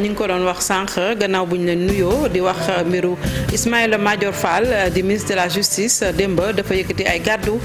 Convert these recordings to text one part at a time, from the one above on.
ni nga ko doon wax sànq gannaaw bu ñu leen nuyoo di wax euh, mbiru Ismaïla Madior Fall euh, di ministre de la justice euh, démba dafa yëkkati ay gàddu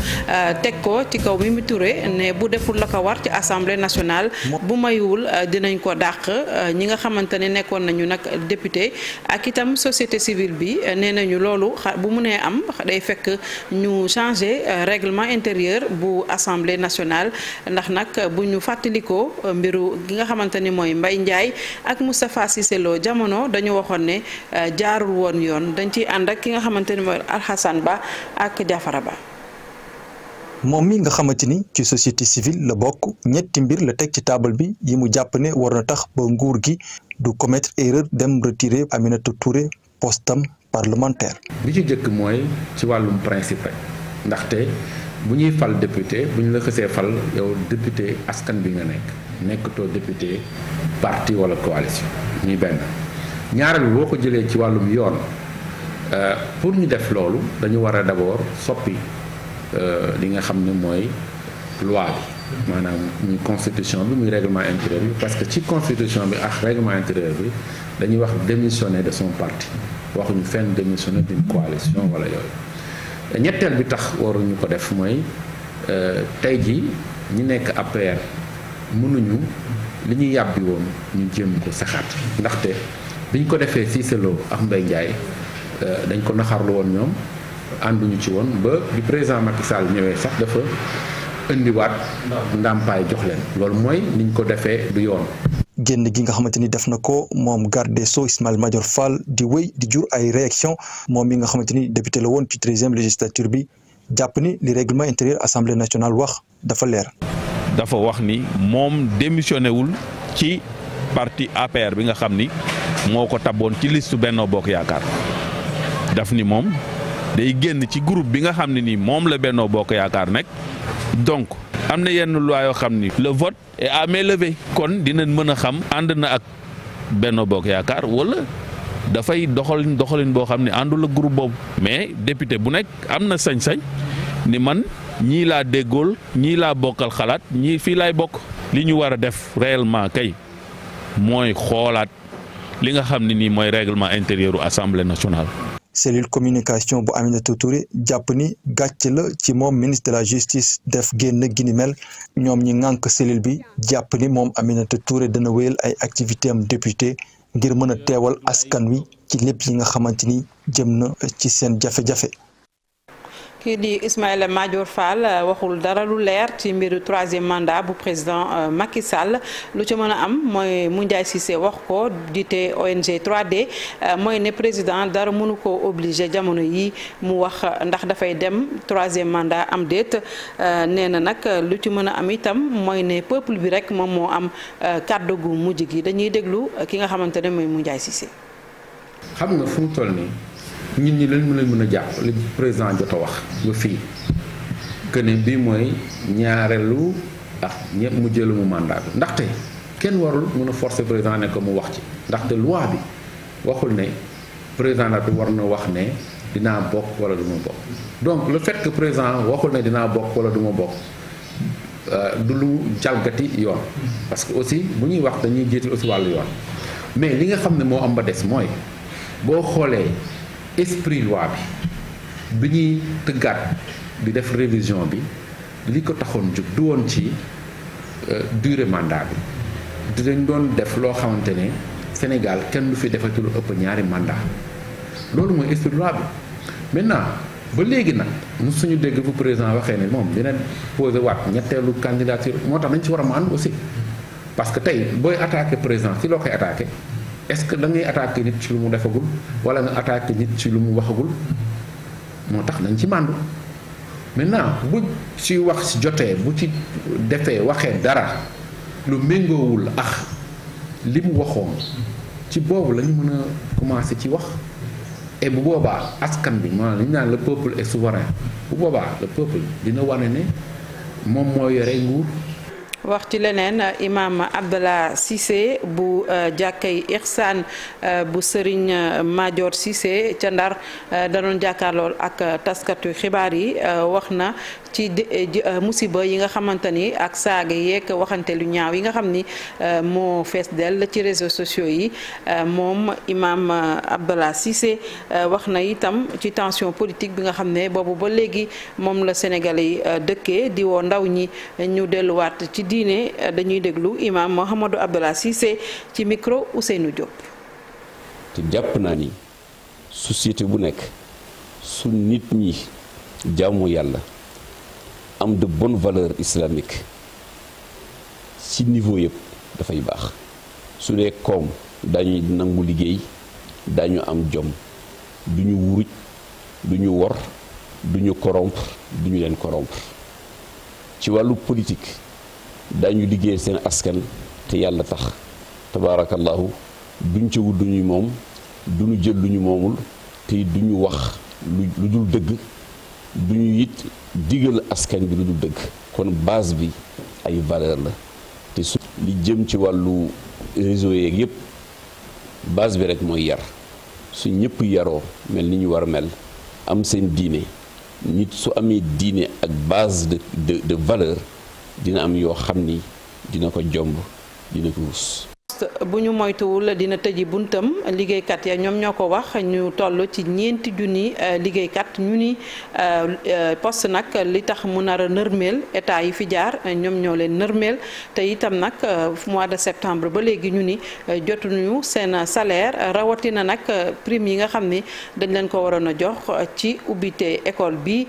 teg ko ci kaw mu Touré ne bu deful la ko war ci assemblée nationale. bu mayuwul dinañ ko dàq ñi nga xamante ne nekkoon nañu nag député ak itam société civile bi nee nañu loolu bu mënee am day fekk ñu changer règlement intérieur bu assemblée nationale ndax nag bu ñu fàttalikoo mbiru gi nga xamante ni mooy mbay Ndiaye ak Moussa Moustapha Cissé Lo jamono dañu waxoon ne euh, jaarul woon yoon dañ ciy ànd ak ki nga xamante ni mooy Alxasan Ba ak Jafara Ba. moom mi nga xamante ni ci société civile la bokk ñetti mbir la teg ci taabal bi yi mu jàpp ne war na tax ba nguur gi du commettre erreur dem retirer Aminata toure postam parlementaire. bi ci jëkk mooy ci wàllum principe ndaxte. bu ñuy fal député bu ñu la xësee fal yow député askan bi nga nekk nekkatoo député parti wala coalition muy benn ñaareel boo ko jëlee ci wàllum yoon euh, pour ñu def loolu dañu war a d'abord soppi euh, li nga xam ni mooy loi bi maanaam muy constitution bi muy règlement intérieur bi parce que ci constitution bi ak règlement intérieur bi dañuy wax démissionner de son parti waxuñu fenn démissionner d'une coalition wala yooyu ñetteel bi tax waruñu ko def mooy euh, tey ji ñi nekk APR mënuñu li ñu yàbbi woon ñu jéem ko saxaat ndaxte biñ ko defee Cissé Lo ak Mbaye Ndiaye euh, dañ ko naxarlu woon ñoom ànduñu ci woon ba bi président Macky Sall ñëwee sax dafa indiwaat ndàmpaay jox leen loolu mooy niñ ko defee du yoon génn gi nga xamante ni def na ko moom garde so Sceaux Ismaïla Madior di wéy di jur ay réaction moom mi nga xamante ni député la woon ci treizième législature bi jàpp ni li règlement intérieur assemblée nationale wax dafa leer. dafa wax ni moom démissionné wul ci parti APR bi nga xam ni moo ko taboon ci listu Benno Bokk Yaakaar daf ni moom day génn ci groupe bi nga xam ne ni moom la Benno Bokk Yaakaar nekk donc am na yenn loi yoo xam ni le vote est à kon dinañ mën a xam ànd na ak benn Bokk Yaakaar wala dafay doxalin doxalin boo xam ne àndul a groupe boobu mais député bu nekk am na sañ-sañ ni man ñii laa déggool ñii laa bokkal xalaat ñii fii laay bokk li ñu war a def réellement kay mooy xoolaat li nga xam ne nii mooy réglement intérieur u Assemblée nationale cellule communication bu Aminata Touré jàpp ni gàcc la ci moom ministre de la justice def génn gini mel ñoom ñi ŋànk cellule bi jàpp ni moom Aminata Touré dana wéyal ay activité am député ngir mën a teewal askan wi ci lépp yi nga xamante ni jëm na ci seen jafe-jafe kii di Ismaïla Madior Fall euh, waxul dara lu leer ci mbiru troisième mandat bu président euh, Macky Sall lu ci mën a am mooy Moundiaye Cissé wax ko dite ONG trois d euh, mooy ne président dara mënu ko obligé jamono yi mu wax ndax dafay dem troisième mandat am déet nee na nag lu ci mën a am itam mooy ne peuple bi rek moom moo am kàddu gu mujj gi dañuy déglu ki nga xamante ne mooy Moundiaye Cissé xam nga fu toll nii nit ñi lañ mën a mën a jàpp li président jot a wax ba fii que ne bii mooy ñaareelu ak ñëpp mu jëlu mu mandat bi ndaxte kenn warul mën a forcer président ne ko mu wax ci ndaxte loi bi waxul ne président la war na wax ne dinaa bokk wala du ma bokk donc lu fait que président waxul ne dinaa bokk wala du ma bokk euh, du lu jalgati yoon parce que aussi bu ñuy wax dañuy jiital aussi wàll yoon mais li nga xam ne moo am ba des mooy boo xoolee esprit loi bi bi ñuy tëggaat di def révision bi li ko taxoon jub du woon ci euh, durée mandat bi dinañ doon def loo xamante ne Sénégal kenn du fi defati lu ëpp ñaari mandat loolu mooy esprit loi bi maintenant ba léegi nag mu suñu dégg bu président waxee ne moom dina posé waat ñetteelu candidature moo tax dañ ci war a maan aussi parce que tey booy attaqué président ci loo koy attaqué est-ce que da ngay attaqué nit ci lu mu defagul wala nga attaqué nit ci lu mu waxagul moo tax dañ ci màndu maintenant bu ci wax ci jotee bu ci defee waxee dara lu méngoowul ax li mu waxoon ci boobu la mën a commencé ci wax et bu boobaa askan bi maanaam li ñu naan le peuple est souverain bu boobaa le peuple dina wane ne moom moo yore nguur wax ci leneen imam Abdallah Cissé bu euh, jàkkay Ihsan euh, bu Serigne euh, Madior Cissé ca Ndar danoon jàkkaarlool ak taskatu xibaar yi wax na ci eh, eh, musiba yi nga xamante ni ak saaga yeeg waxante lu ñaaw yi nga xam ni eh, moo fees dell ci réseaux sociaux yi moom imam Abdallah Cissé wax na itam ci tension politique bi nga xam ne boobu ba léegi moom la Sénégalais yi dëkkee di woo ndaw ñi ñu delluwaat ci diine dañuy déglu imam Mouhamadou Abdallah Cissé ci micro Ousseynou Diop. te jàpp naa ni société bu nekk su nit ñi jaamu yàlla. am de bonnes valeur islamiques ci niveau yëpp dafay baax su dee koom dañuy nangu liggéey dañu am jom du ñu wuruj du ñu wor du ñu corrompre du ñu leen corrompre ci wàllu politik dañu liggéey seen askan te yàlla tax tabaarakallahu duñ ca wut duñu moom duñu jël lu ñu moomul te duñu wax lu dul dëgg du ñu it digal askan bi lu du dëgg kon base bi ay valeur la te su li jëm ci wàllu réseau yeeg yëpp base bi rek mooy yar su ñëpp yaroo mel ni ñu war a mel am seen diine nit su amee diine ak base de de de valeur dina am yoo xam ni dina ko jomb dina ko rus bu ñu moytuwul dina tëj buntam liggéeykat ya ñoom ñoo ko wax ñu toll ci ñeenti junni euh, liggéeykat ñu ni euh, euh, poste nag li tax mu nar a nërmeel état yi fi jaar ñoom ñoo leen nërmeel te itam nag mois de septembre ba léegi ñu ni jotuñu seen salaire rawatina nag prime yi nga xam ni dañ leen ko waroon a jox ci ubbite école bi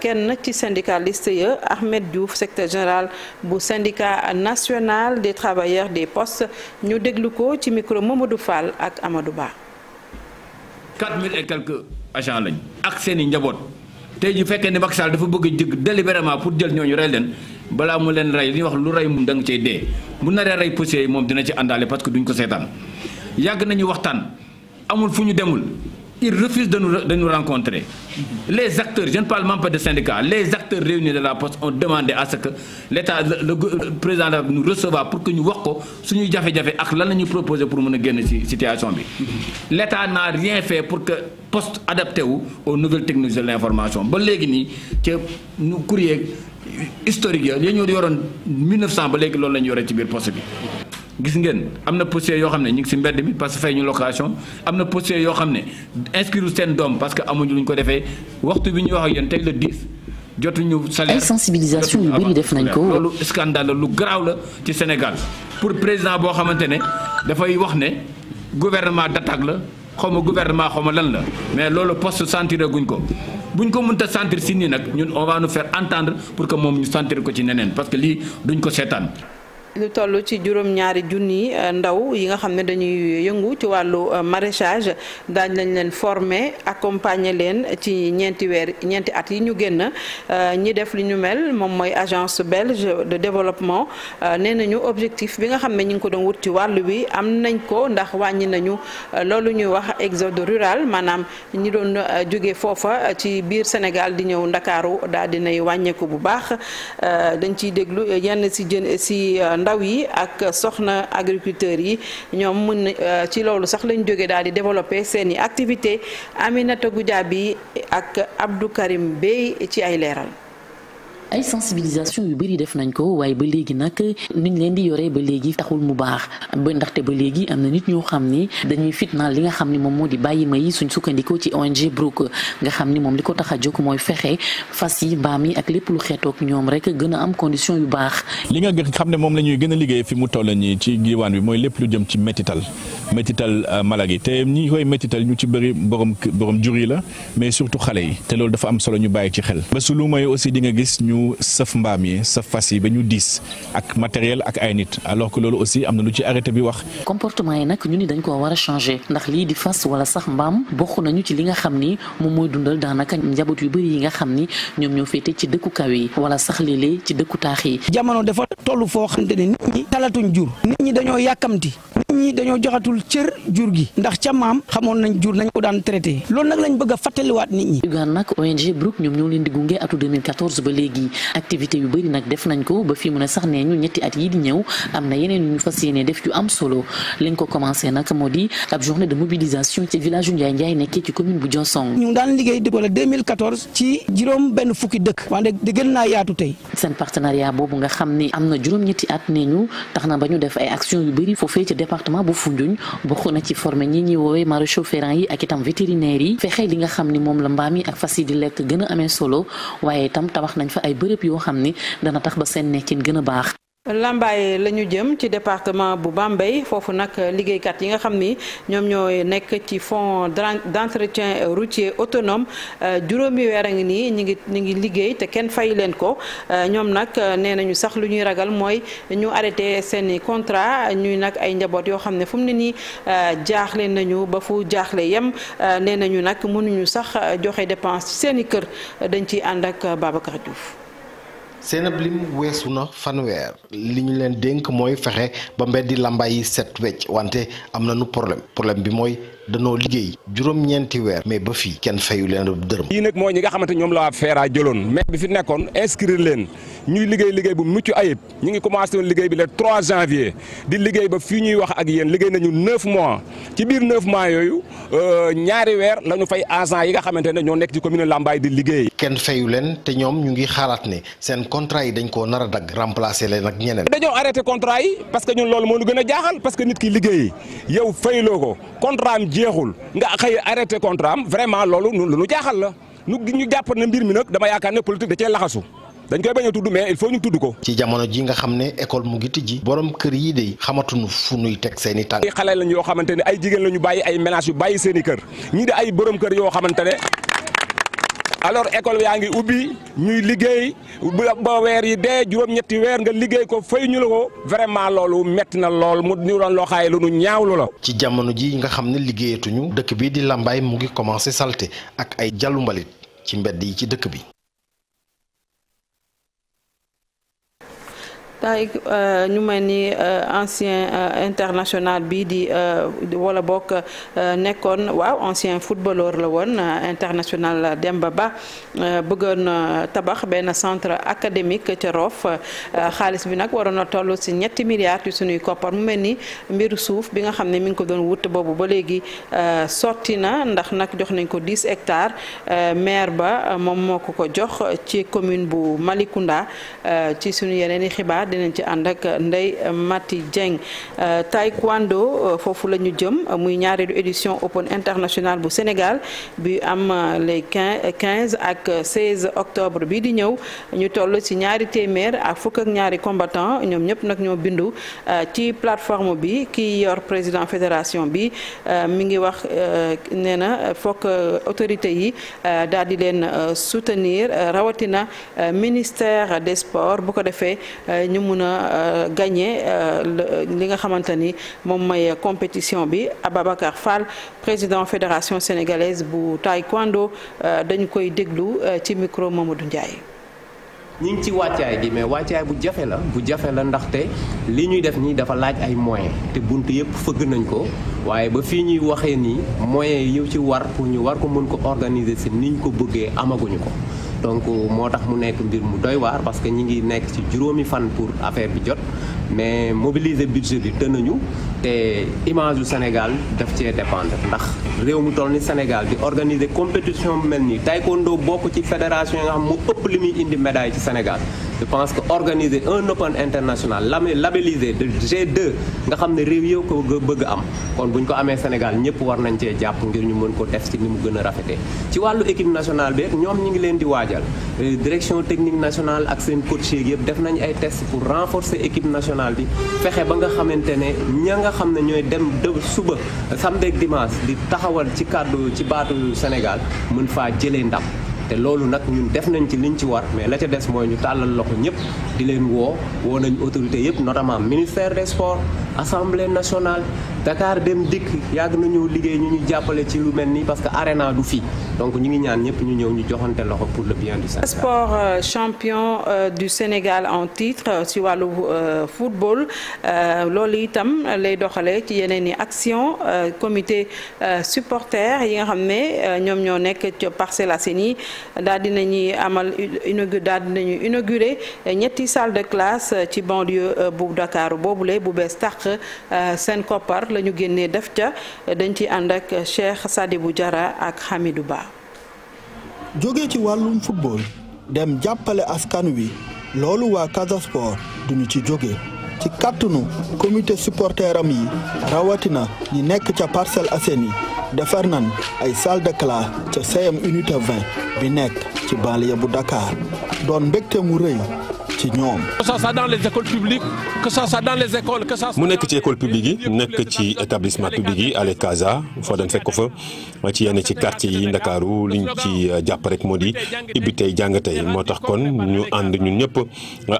kenn ci syndicaliste ya Ahmed Diouf secrétaire général bu syndicat national des travailleurs des postes ñu déglu ko ci micro Mamadou Fall ak Amadou Ba. 4000 et quelques agents lañ ak seen i njaboot tey ju fekkee ne Macky Sall dafa bëgg a jëg délibérément pour jël ñoo ñu rey leen balaa mu leen rey li ñuy wax lu rey moom danga nga cay dee bu naree rey policiers moom dina ci àndaale parce que duñ ko seetaan yàgg nañu waxtaan amul fu ñu demul. ils refusent de nous, de nous rencontrer. Les acteurs, je ne parle même pas de syndicats, les acteurs réunis de la poste ont demandé à ce que l'État, le, le, président pour recevoir ñu que nous voyons ce que nous la nous proposons pour a génn cette situation. L'État n'a rien fait pour que post adapté aux nouvelles technologies de l'information. Bon, que nous courrier historique, nous avons ci biir avons bi gis ngeen am na postier yoo xam ne ñu ngi si mbedd mi parce que fay ñu location am na postier yoo xam ne inscrire seen doom parce que amuñu lu ñu ko defee waxtu bi ñu wax ak yéen tey le 10 jotuñu salaire ay sensibilisation yu def nañ ko. loolu scandale lu garaaw la ci Sénégal pour président boo xamante ne dafay wax ne gouvernement d'attaque la xaw ma gouvernement xaw ma lan la mais loolu post sentir guñ ko. bu ñu ko mënta sentir si nii nag ñun on va nous faire entendre pour que moom ñu sentir ko ci neneen parce que lii duñ ko seetaan. lu toll ci juróom-ñaari junni euh, ndaw yi nga xam ne dañuy yëngu ci wàllu euh, maraîchage daañ lañ leen former accompagner leen ci ñeenti weer ñeenti at yi ñu génn euh, ñi def lu ñu mel moom mooy agence belge de développement nee nañu objectif bi nga xam ne ñu ngi ko doon wut ci wàllu bi am nañ ko ndax wàññi nañu loolu ñuy wax exode rural maanaam ñi doon jóge foofa ci biir Sénégal di ñëw Ndakaaru daal dinay wàññeeku bu baax dañ ciy déglu yenn si jën si ndaw yi ak soxna agriculteurs yi ñoom mën mun euh, ci loolu sax lañ jógee daal di développer seen i activité Aminata bi ak Abdou Karim Bey ci ay leeral ay sensibilisation yu bëri def nañ ko waaye ba léegi nag niñ leen di yoree ba léegi taxul mu baax ba ndaxte ba léegi am na nit ñoo xam ni dañuy fitnaal li nga xam ni moom moo di bàyyi ma yi suñ ci ONG Brooke nga xam ni moom li ko tax a jóg mooy fexe fas yi mbaam yi ak lépp lu xeetoog ñoom rek gën a am condition yu baax. li nga xam ne moom la ñuy gën a liggéey fi mu toll nii ci diwaan bi mooy lépp lu jëm ci métital métital euh, mala gi te ñi koy métital ñu ci bëri borom borom jur yi la mais surtout xale yi te loolu dafa am solo ñu bàyyi ci xel ba su lu may aussi di gis ñu ñu sëf mbaam yi sëf fas yi ba ñu diis ak matériel ak ay nit alors que loolu aussi am na lu ci arrêté bi wax. comportement yi nag ñu ni dañ koo war a changer ndax lii di fas wala sax mbaam bokk nañu ci li nga xam ni moom mooy dundal daanaka njaboot yu bëri yi nga xam ni ñoom ñoo féete ci dëkku kaw yi wala sax léeg-léeg ci dëkku taax yi. jamono dafa tollu foo xamante ne nit ñi talatuñ jur nit ñi dañoo yàkkamti. ñi dañoo joxatul cër jur gi ndax ca maam xamoon nañ jur nañ ko daan traité loolu nag lañ bëgg a fàttaliwaat nit ñi. Uganda nag ONG Brooke ñoom ñoo di gunge atu 2014 ba ko ba fii mu ne sax nee ñu ñetti at yi di ñëw am na yeneen yu ñu fas yéene def yu am solo lañ ko commencé nag moo di ab journée de mobilisation ci village yu Ndiaye Ndiaye nekkee ci commune bu Diossong. ñu daan liggéey wala 2014 ci juróom benn fukki dëkk. wante di gën naa yaatu tey. seen partenariat boobu nga xam ni am na juróom-ñetti at nee ñu tax na ba ñu def ay action yu bëri foofee ci département département bu Foundiougne bokk na ci formé ñi ñuy woowee maréchaux ferrants yi ak itam vétérinaires yi fexe li nga xam ni moom la mbaam yi ak fas yi di lekk gën amee solo waaye itam tabax nañ fa ay bërëb yoo xam ni dana tax ba seen nekkin gën a baax Lambaye la ñu jëm ci département bu Bambey foofu nag liggéeykat yi nga xam ni ñoom ñoo nekk ci fonds d'entretien routier autonome euh, juróomi weer a ngi nii ñu ngi ñu ngi liggéey te kenn fay leen ko euh, ñoom nag euh, nee nañu sax lu ñuy ragal mooy ñu arrêté seeni contrat ñuy nag ay njaboot yoo xam ne fu ne nii jaaxle nañu ba fu jaaxle yem nee nañu nag mënuñu sax joxe dépense ci seeni kër dañ ci ànd ak Babacar Diouf. seenab lim weesu na fanweer li ñu leen dénk mooy fexe ba mbeddi làmbaay yi set wecc wante am nañu problème problème bi mooy danoo liggéey juróom-ñeenti weer mais ba fii kenn fayu leen ab dërëm. yii nag mooy ñi nga xamante ñoom la waa FERA fi liggéey ngi commencé woon liggéey bi le 3 janvier di liggéey ba fii ñuy wax ak mois ci biir 9 mois yooyu euh, ñaari weer la ñu fay agent yi nga xamante ne ñoo nekk ci commune Lambaye di liggéey. kenn fayu leen te ñu ngi xalaat ne seen contrat yi dañ koo nar a dagg remplacer leen ak ñeneen. dañoo arrêté contrat yi parce que ñun loolu moo ñu gën a jaaxal parce que nit ki liggéey yow loo ko contrat am ji jeexul nga xëy arrêté contrat am vraiment loolu lu nu jaaxal la nu ñu jàpp na mbir mi nag dama yaakaar ne politique da cee laxasu dañ koy bañ a tudd mais il faut ñu tudd ko. ci jamono ji nga xam ne école mu ngi tijji. borom kër yi xamatu xamatuñu fu nuy teg seen i tànk. ay xale lañ yoo xamante ne ay jigéen la ñu bàyyi ay ménages yu bàyyi seeni i kër ñii de ay borom kër yoo xamante ne alors école yaa ngi ubbi ñuy liggéey ba weer yi de juróom-ñetti weer nga liggéey ko fay ñu la ko vraiment loolu metti na lool mu ñu doon loo xaay lu nu ñaawlu la. ci jamono ji nga xam ne liggéeyatuñu dëkk bii di Lambaye mu ngi commencé salte ak ay jallu ci mbedd yi ci dëkk bi. Taïk euh, ñu mel ni euh, ancien euh, international bi di wala bokk nekkoon waaw ancien footballeur la woon international Demba Ba bëggoon tabax benn centre académique ca Roff xaalis bi nag waroon na toll si ñetti milliards yu suñuy koppar mu mel ni mbiru suuf bi nga xam ne mi ngi ko doon wut boobu ba léegi sotti na ndax nag jox nañ ko 10 hectares maire ba moom moo ko ko jox ci commune bu Malicounda ci suñu yeneen i xibaar. dinañ ci ànd ak Ndeye Mati Dieng euh, taekwondo euh, foofu la ñu jëm euh, muy ñaareelu édition Open international bu Sénégal bi am les quinze ak 16 octobre bi di ñëw ñu toll ci ñaari téeméer ak fukk ak ñaari combattant ñoom ñëpp nag ñoo bindu ci plateforme bi ki yor président fédération bi mi ngi wax nee na fokk autorité yi daal di leen soutenir rawatina ministère des sports bu ko defee ñu ñu mun a euh, gagné euh, euh, li nga xamante ni moom mooy compétition bi Ababacar Fall président fédération sénégalaise bu taekwondo dañu koy déglu ci micro Mamadou Ndiaye. ñi ngi ci wàccaay gi mais wàccaay bu jafe la bu jafe la ndaxte li ñuy def nii dafa laaj ay moyen te bunt yëpp fëgg nañ ko waaye ba fii ñuy waxee nii moyens yi ci war pour ñu war ko mën ko organiser si niñ ko bëggee amaguñu ko. donc moo tax mu nekk mbir mu doy waar parce que ñi ngi nekk ci juróomi fan pour affaire bi jot mais mobiliser budget bi te nañu te image yu Sénégal def cee dépendre ndax réew mu toll ni Sénégal di organiser compétition mel nii taekwondo bokk ci fédération yi nga xam mu ëpp li muy indi médaille ci Sénégal je pense que organiser un open international labellisé de G2 nga xam ne réew yow ko bëgg am kon bu ñu ko amee Sénégal ñëpp war nañ cee jàpp ngir ñu mën ko def ci ni mu gën a rafetee ci wàllu équipe nationale bi ñoom ñu ngi leen di waajal euh, direction technique nationale ak seen coach yeeg yëpp def nañ ay test pour renforcer équipe nationale bi fexe ba nga xamante ne ña nga xam ne ñooy dem suba samedi ak dimanche di taxawal ci kàddu ci baatu Sénégal mën faa jëlee ndam te loolu nag ñun def nañ ci liñ ci war mais la ca des mooy ñu tàllal loxo ñëpp di leen woo woo nañ autorité yëpp notamment ministère des sports assemblée nationale Dakar dem dikk yàgg nañu liggéey ñu ñu jàppale ci lu mel nii parce que arena du fi donc ñu ngi ñaan ñëpp ñu ñëw ñu joxante loxo pour le bien du Sénégal. Euh, champion euh, du Sénégal en titre si euh, wàllu football loolu itam lay doxalee ci yeneen i action comité supporter yi nga xam ne ñoom ñoo nekk ci Parcelles Assainies daal dinañuy amal inauguré daal dinañu inauguré ñetti salle de classe ci banlieue bu dakaaru boobu boobule bu bees tàq seen koppar. nag la ñu génnee def ca dañ ci ànd ak Cheikh Sadibou Diarra ak xamidu Ba. jóge ci wàllum football dem jàppale askan wi loolu waa Casa Sport duñu ci jóge ci kàttanu comité supporter yi rawatina ñi nekk ca Parcelles Assainies defar nan ay salle de ca CM unité 20 bi nekk ci banlieue bu Dakar doon mbégte mu rëy. ci ñoom. que ça mu nekk ci école publique yi nekk ci établissement public yi Allez Casa foo dem fekk ko fa ci yenn ci kartie yi Ndakaaru liñ ci euh, jàpp rek moo di ibbi tey jàng tey moo tax kon ñu ànd ñun ñëpp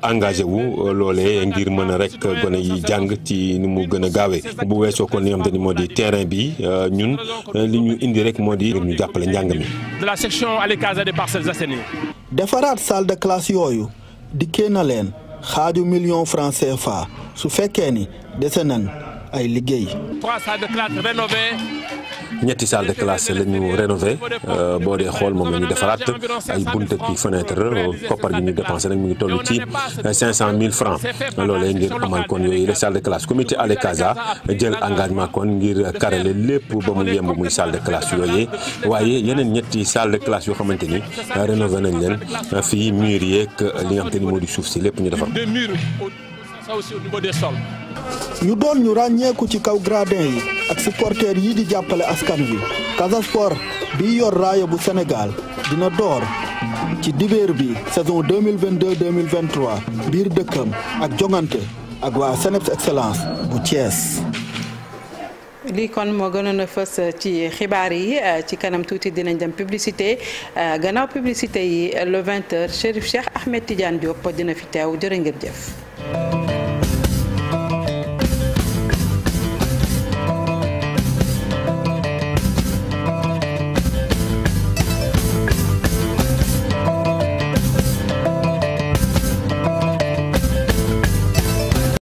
engagé wu euh, loolee ngir mën a rek gone yi jàng ci ni mu gën a gaawee bu weesoo kon li nga xamante ni moo di terrain bi euh, ñun li ñu indi rek moo di ñu jàppale njàng mi. la section Allez Casa des Parcelles Assainies. defaraat salle de classe yooyu. dikkee na leen xaaju million franc CFA su fekkee ni dese nan ay liggéey. trois salles de classe rénovées. ñetti salle de classe la rénové euh, boo dee xool moom la ñu defaraat ay bunt ak fenêtre koppar gi ñu dépensé nag mu ngi toll ci 500 000 francs loolee ngir amal kon yooyu les salles de classe comité Allez Casa jël engagement kon ngir leen lépp ba mu yemb muy salle de classe yooyu waaye yeneen ñetti salle de classe yoo xamante ni rénové nañ leen fii mur yeeg li nga xamante ni moo di suuf si lépp ñu defar ça aussi au niveau des sols. ñu doon ñu ràññeeku ci kaw gradin yi ak supporters yi di jàppale askan wi Casa bi yor raaya bu Sénégal dina door ci dibéer bi saison 2022 2023 biir dëkkam ak jongante ak waa Seneps Excellence bu Thiès. lii kon moo gënoon a uh, ci xibaar yi uh, ci kanam tuuti dinañ dem publicité uh, gannaaw publicité yi le 20h Chérif Ahmed Tidiane Diop dina fi teew jërë ngeen jëf.